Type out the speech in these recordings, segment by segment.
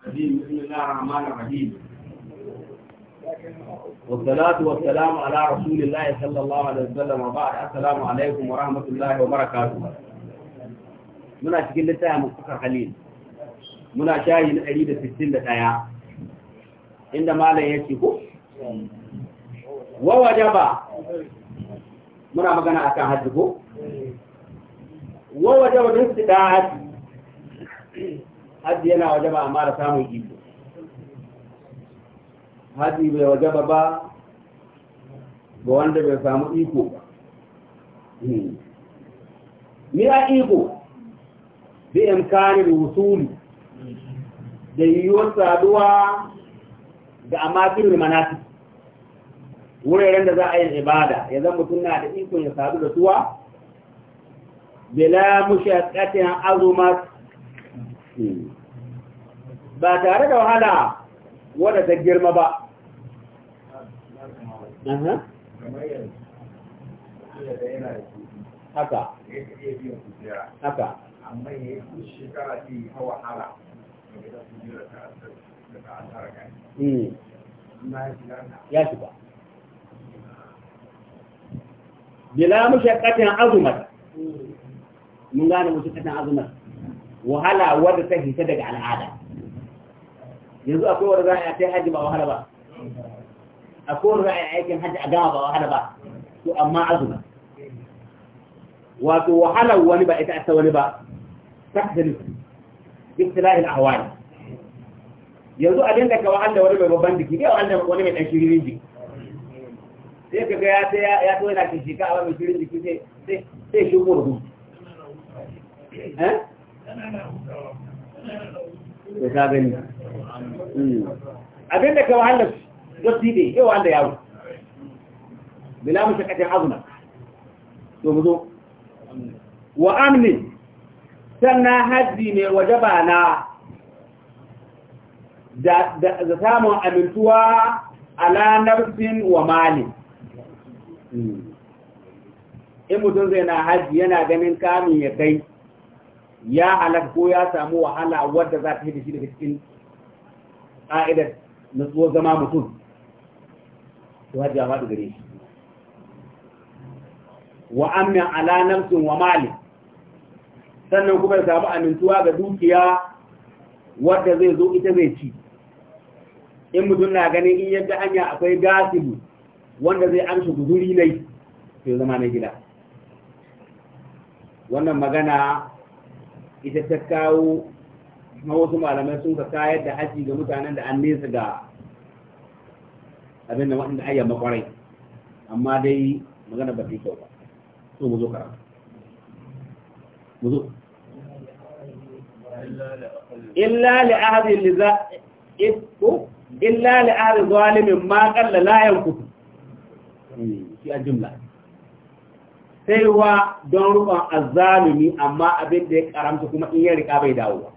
بسم الله الرحمن الرحيم والصلاة والسلام على رسول الله صلى الله عليه وسلم وبعد السلام عليكم ورحمة الله وبركاته منا شكل لتايا مفتقر خليل منا شاهي نقريب الستين لتايا عندما لا يشيكو ووجب منا مغانا أكا هجبو ووجب الاستداعات hajji yana wajaba amma da samun iko hajji bai wajaba ba ga wanda bai samu iko ba hmm. ni a iko bi da wusuli da yiwuwar saduwa da amakirin manati wuraren da za a yi ibada ya zan mutum na da ikon ya sadu da suwa bila mushaqatin azumar. Hmm. ba tare da wahala wadda ta girma ba haka haka amma ya yi shekara ce ta wahala ya shiga bila mushakkatin azumat mun gane mushakkatin azumat wahala wadda ta hita daga al'ada يقول أكون رعي عتي حج بقى وهذا بقى أكون رعي عتي حج أجابة وهذا بقى شو أما عزم وتو وهذا ونبا إتأس ونبا تحسن بإصلاح الأحوال يزو أدين لك وعند ونبا ببندك يا وعند ونبا تشيرين دي سيف كيات يا يا توي لك شيكا أو مشيرين دي كذي سي سي ها Ya sabeni abin da ka wahala da su ne yau wanda yawo bila mu shakatin azuna to mu zo wa amnin sannan haddi ne wajaba na da samun amintuwa ala nafsin wa malin in mutum zai na haji yana ganin kamin ya kai ya halak ko ya samu wahala wadda za ta yi da shi daga cikin na natsuwar zama mutum to hajji a faɗi gare shi wa amin ala wa mali sannan kuma ya samu amintuwa ga dukiya wadda zai zo ita zai ci in mutum na ganin in yadda hanya akwai gasibu wanda zai amshi guzuri nai sai zama na gida wannan magana ita ta kawo kuma wasu malamai sun ka kayar da haji ga mutanen da an nesa ga abin da waɗanda ayyar makwarai amma dai magana ba ta yi kyau ba so mu zo karatu mu zo illa li ahadin eh, illa li ahadin zalimin ma qalla la yankutu hmm, shi a jumla sai wa don rubon azzalumi amma abin da ya karamta kuma in ya rika bai dawowa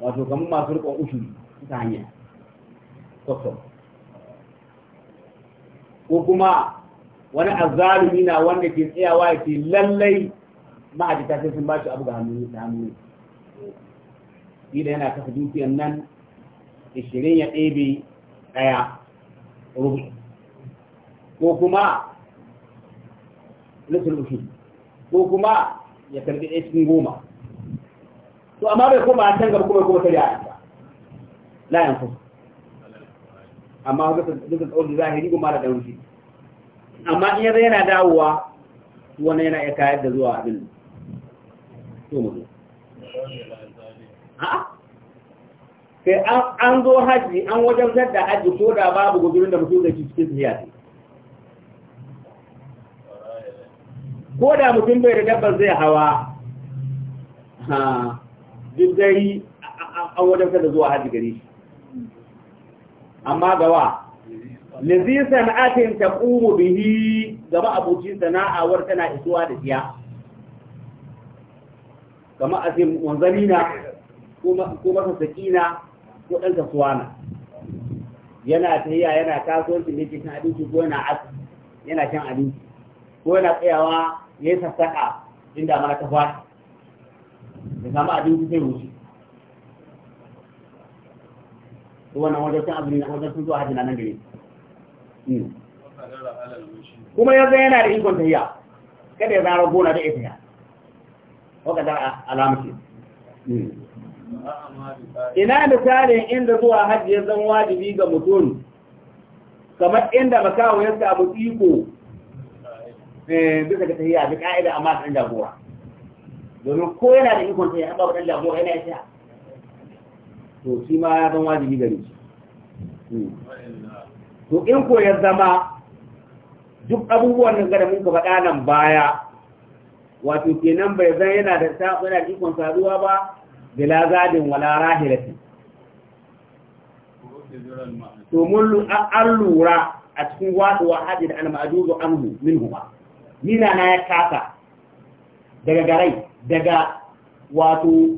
wato kamar masu rikon ushuri ta hanya kwakwa ko kuma wani azalumi na wanda ke tsayawa ya ce lallai ma'ajita sai sun ba shi abu ga hannu da hannu da yana kasa dukiyar nan ishirin ya ɗebe ɗaya rubu ko kuma nufin ushuri ko kuma ya karɓi ɗaya cikin goma to amma bai koma a can gaba kuma kuma karya ayan ba la yan fusu amma duka tsawon zahiri kuma da dauki amma in yanzu yana dawowa wannan yana ya kayar da zuwa abin to mu sai an zo hajji an wajen zadda haji ko da babu gudurin da mutum da ke cikin siya ce ko da mutum bai da dabbar zai hawa duk dare an wajen da zuwa hajji gare shi amma gawa lizi sana'atin taqumu bihi gaba abuci war tana isuwa da siya kama wanzani na, ko masa na, ko kasuwa na. yana ta yi a yana kasuwanci ne cikin abinci ko yana as yana cin abinci ko yana tsayawa ya yi sassaƙa inda mana ta fara? da samu abinci zai wuce to wannan wajen cin azumi wajen sun zuwa hajji na nan gare hmm. kuma yanzu yana da ikon tahiya, kada ya zara gona da ita ya ka hmm. da alamci ina misalin inda zuwa hajji ya zama wajibi ga mutum kamar inda makawo ya samu iko eh, bisa ga tafiya bi ka'ida amma ta gora. domin ko yana da ikon sai ya ba waɗanda lamuwa yana ya sha to shi ma ya zan wajibi gare shi hmm. to in ko ya zama duk abubuwan nan gada mun faɗa nan baya wato kenan bai zan yana da ta yana da ikon saduwa ba bila zadin wala rahilati to mun an lura a cikin waɗuwa hajji da al-ma'juzu anhu minhu ba nina na ya kasa daga garai daga wato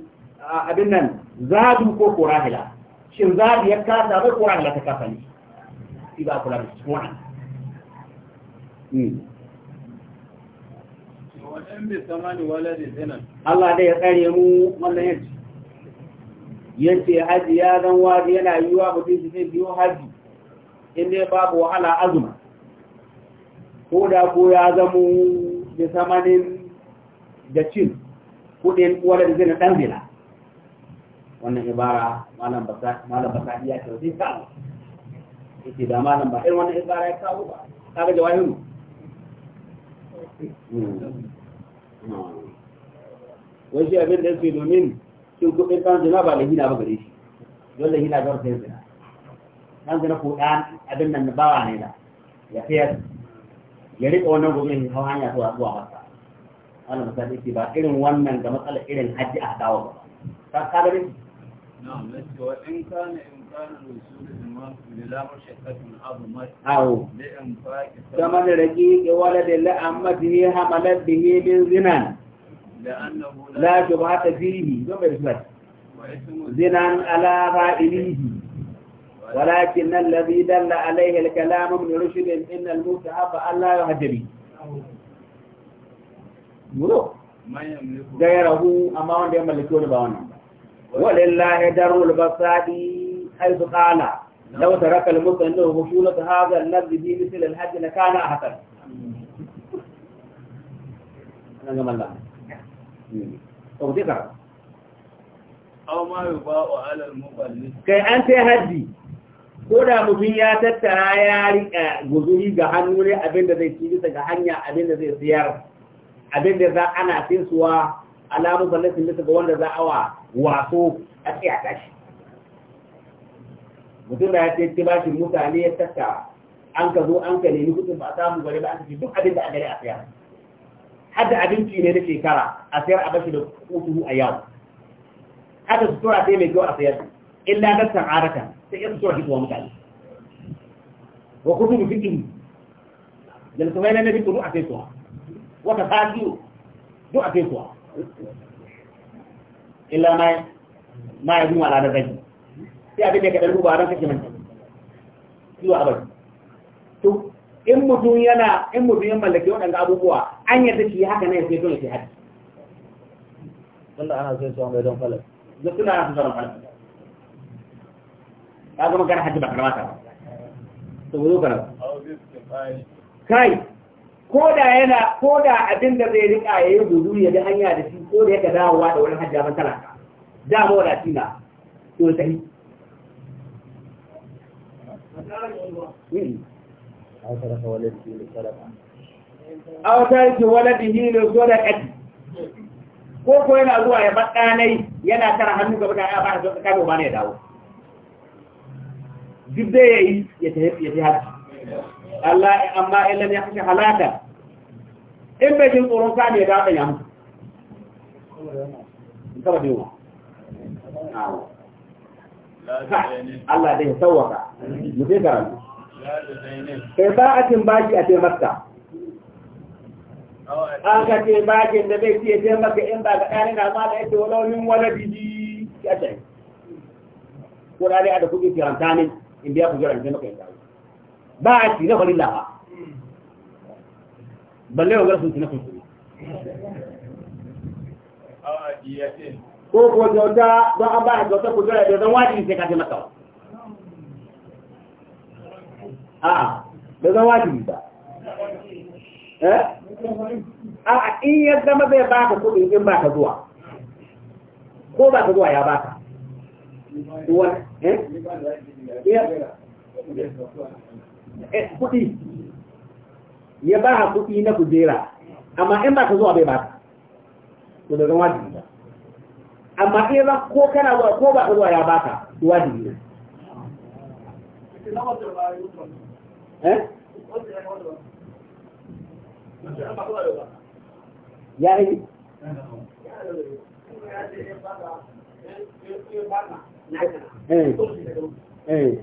abin nan zabi ko korahila shin zabi ya kasa bai korahila ta kasa ne shi ba kula da cikin wa'an Allah dai ya tsare mu wannan yanci. Yace haji ya zan waje yana yiwa mutum shi zai biyo haji in dai babu wahala azuma. Ko da ko ya zamo da samanin da cin kudin walad zina dan zina wannan ibara malam basa malam basa iya ta sai ka yake da malam ba irin wannan ibara ya kawo ba kaga mu. Hmm. Hmm. wai shi abin da ce domin shin kudin dan zina ba lahina ba gare shi dole hina zar sai zina dan zina ko dan abin nan bawa ne da ya fiyar ya rika wannan gobe hawa hanya zuwa zuwa masa wannan misali ce ba irin wannan da matsalar irin hajji a dawo ba ka ga ne na'am lalle wa in kana in kana rusul imam lillah shakatun azmat aw li in faqi kama da raqiq walad la zinan لأنه لا شبهة فيه زنا على فاعله ولكن الذي دل عليه الكلام من رشد إن المتعب muro gairahu amma wanda ya mallaki wani ba wannan walillahi darul basadi aizu qala law taraka al-muslimu husulat hadha al-ladhi bi mithl al-hajj la kana ahsan nan ga mallan to dai ka aw ma yuba'u ala al-muballigh kai an sai haji ko da mutum ya tattara ya riƙa guzuri ga hannu ne abinda zai ci bisa ga hanya abinda zai siyar abin da za ana sinsuwa alamun ballatin bisa ga wanda za a wa waso a a tashi mutum da ya ce ci bashin mutane ya tattara an ka zo an ka nemi kudin ba a samu gari ba an ce duk abin da a gari a tsaye hadda abinci ne na shekara a sayar a bashi da kutu a yawo hadda tura sai mai kyau a sayar illa gaskan aratan sai ya tura hitowa mutane wa kutu bi fiƙi da su mai na nabi kudu a sai wata fajiru duk a fesuwa illa ma ma ya zuwa da zai sai abin da ka ɗan ruba don kake manta zuwa abadi to in mutum yana in mutum ya mallake wadanda abubuwa an yadda shi haka ne sai don shi hadi tunda ana sai su mai don falal duk suna ana son falal ka zama kana hajji ba karama ta ba to zo kana kai ko da yana ko da abin da zai rika ya yi gudu ya ji hanya da shi ko da yaka dawowa da wurin hajjaban talaka dama wada na to sai aw tarki waladihi li sadaqati ko ko yana zuwa ya badanai yana tara hannu gaba da ya fara zuwa kabo ba ne ya dawo duk da yayi ya tafi ya tafi Allah amma illam ya kashi halaka in bai jin tsoron sa ne da ɗan ya mutu kaba da yawa Allah da ya sauwaka mu sai karanta a tin baki a taimakta an ka ce bakin da zai fiye ce maka in ba ka ɗani na ma da yake walomin wani biji ya ce ko da dai a da kuɗi kiranta ne in biya ku jiran ce maka in ta ba a ci na farilla ba balle wa garsun na kuskure ko ko kyauta don an ba a kyauta ku zara don wajibi sai ka ce maka a da zan wajibi ba eh? a in ya zama zai baka kuɗi in ba ka zuwa ko ba ka zuwa ya baka eh Eh, kuɗi ya ba ha kuɗi na kujera amma in ba ka zuwa bai ba ka to daga wajibi ba amma in ba ko kana zuwa ko ba ka zuwa ya ba ka wajibi ne eh? ya yi eh,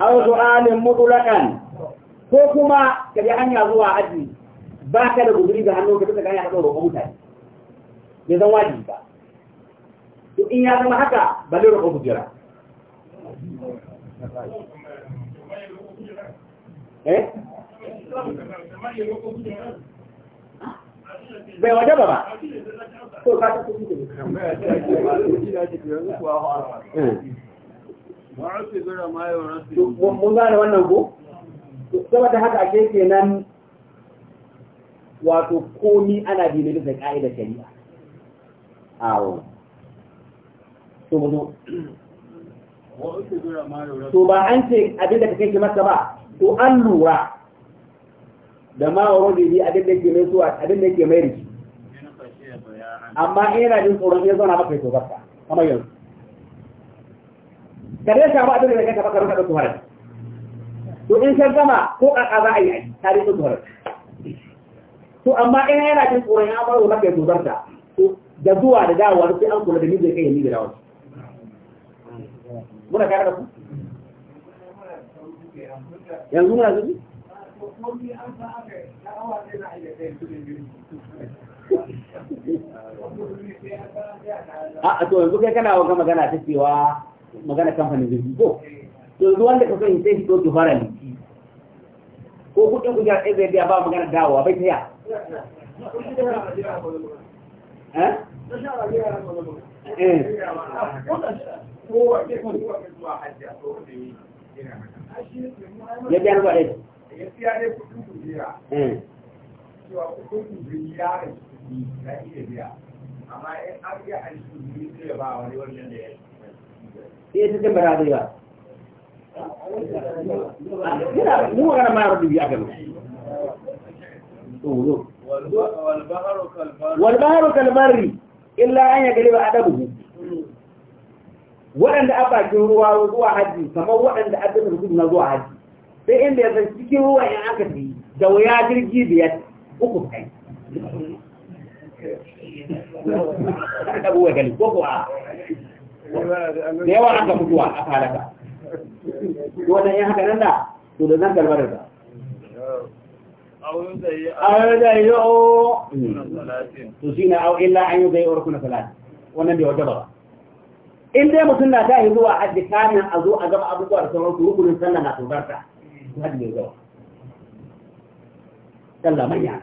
au su'alin mutulakan ko kuma kadi bi hanya zuwa aji ba ka da guduri ga hannu ka duka ganya ka tsoro mutane bai zan wajibi ba to in ya zama haka ba zai roƙo gudura eh? bai ba ba to ka ta mun gane wannan haka ake kenan wato komi ana bi ne bisa ka'idar shari'a awo to mu ba an ce abin da kake masa ba to an lura da ma wa yi abin da ke mai suwa abin mai riki amma ina jin tsoron iya zauna maka ya to barka kamar yanzu da zai samu abin da kanka baka ruka dauki horar to in san gama ko kaka za a yi aiki tare da horar to amma in yana jin tsoron ya amaro maka ya tozar da to da zuwa da dawowa sai an kula da ni zai kai ni da dawowa muna kare da ku yanzu muna zubi a to yanzu kai kana wa magana ta cewa magana kamfanin jirgi ko to wanda ka sani sai fara ko kuɗin kujerar ɗaya zai biya ba magana dawowa bai ta ya eh? eh. ya biya da eh. amma in an ba wani wannan da ya sai ta tambara dai ba yana mu magana ma yaro dubi aka tsoro wal baharu kal barri illa an ya galiba adabu waɗanda a bakin ruwa zuwa haji kamar waɗanda a cikin rubutu na zuwa haji sai inda ya san cikin ruwa in aka fi da wuya jirgi biyar uku kai ko kuwa da yawa an ka mutuwa a halaka to dan yan haka nan da to da zan garbar da awon da yi o to shi na au illa an yi zai urkuna salati wannan bai wajaba ba in dai mutum na ta yi zuwa hajji kamin a zo a gaba abubuwa da sauransu rukunin sallah na tsogarta hajji bai zuwa sallah manya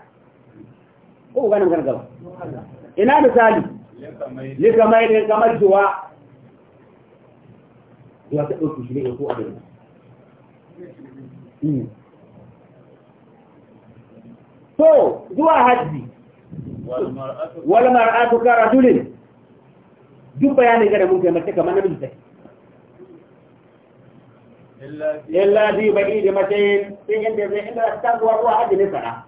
ko ganin gargaba ina misali Ni mai ne kamar juwa ya ta ɗauki shi ne ko a gari to zuwa hajji wal mar'atu ka rajulin duk bayanin gare mun kai mace kamar namiji take illa bi bai da mace sai inda zai inda ta zuwa zuwa hajji ne sana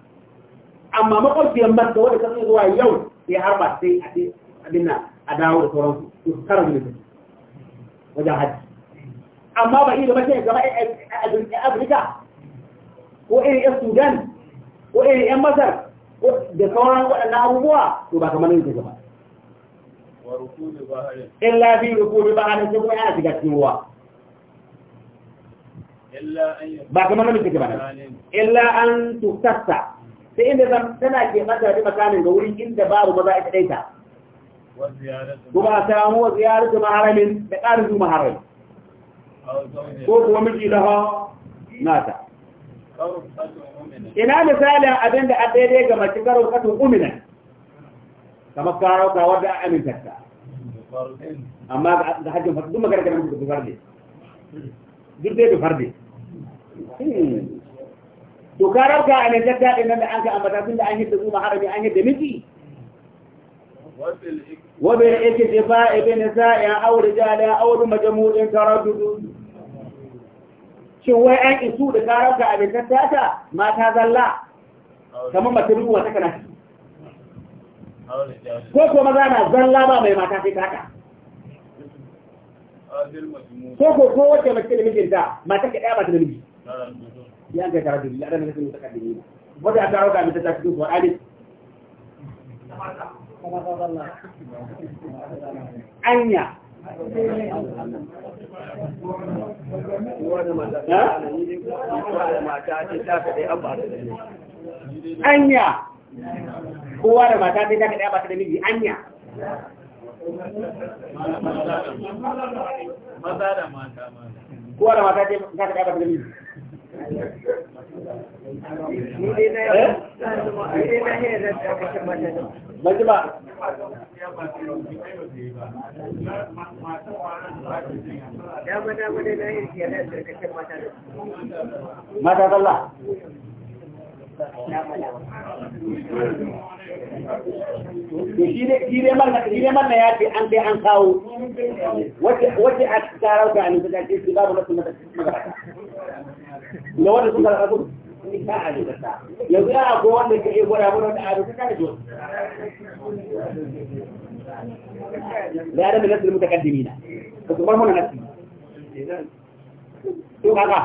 amma makwabciyar mace wanda ta zuwa yau sai har ba sai a dinna a dawo da sauransu su kara zuwa wajen hajji أما بعيد ما تيجي جماعة أفريقيا وإيه إيه السودان وإيه إيه مصر وذكران ولا أبوها تبقى كمان يجي جماعة إلا في ركوب بعد سبعة أسبوع تجوا إلا بقى كمان يجي جماعة إلا أن تكتسى فإن إذا سنا كي ما تبي مكان الجوري إن تبارو مذا إتريتا وزيارة وما سامو وزيارة مهارين بقارن مهارين ko kuwa miji laha nata ina misalin abin da a daidai ga mace karo katon umina kamar ka wadda a amintarta amma ga hajjin fata duma gargara mutu da farde duk dai da farde hmm. to ka a amintarta din nan da an ka ambata tun da an yi hidda zuma harami an yi hidda miji وبالإكتفاء بنساء أو majamu ɗin مجموع تردد shin wai an isu da karar ga abincin tata mata zalla kamar mace ruwa ta kana ko ko maza na zalla ba mai mata sai taka ko ko ko wace mace da mijinta mata ka ɗaya mata da miji ya ga tara dubi, ladan da nake mutaka da ni wanda aka roka mi ta ta kuwa Qur'ani anya anya kowa da mata sai ta kaɗaya ba ta da miji anya kowa da mata sai ta kaɗaya ba ta da miji Eh? Majima. Mata Allah. shi dai manna ya ce an dai an kawo wace a tsarau da an zuka ce babu wasu magarata da wanda suka raka gudu ni ka a zuka yanzu ya akwai wanda ka iya gwada mana da abu ka da jiwa da ya da nasu mutakaddimi na ka su bar mana nasu to kaka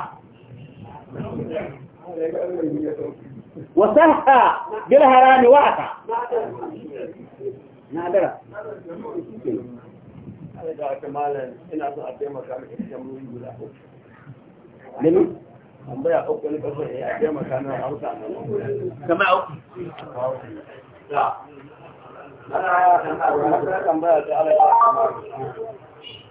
وسهى بالهرام وعطى نادرة لمن؟ tambaya uku ne hausa na kama uku ana tambaya ta alaƙa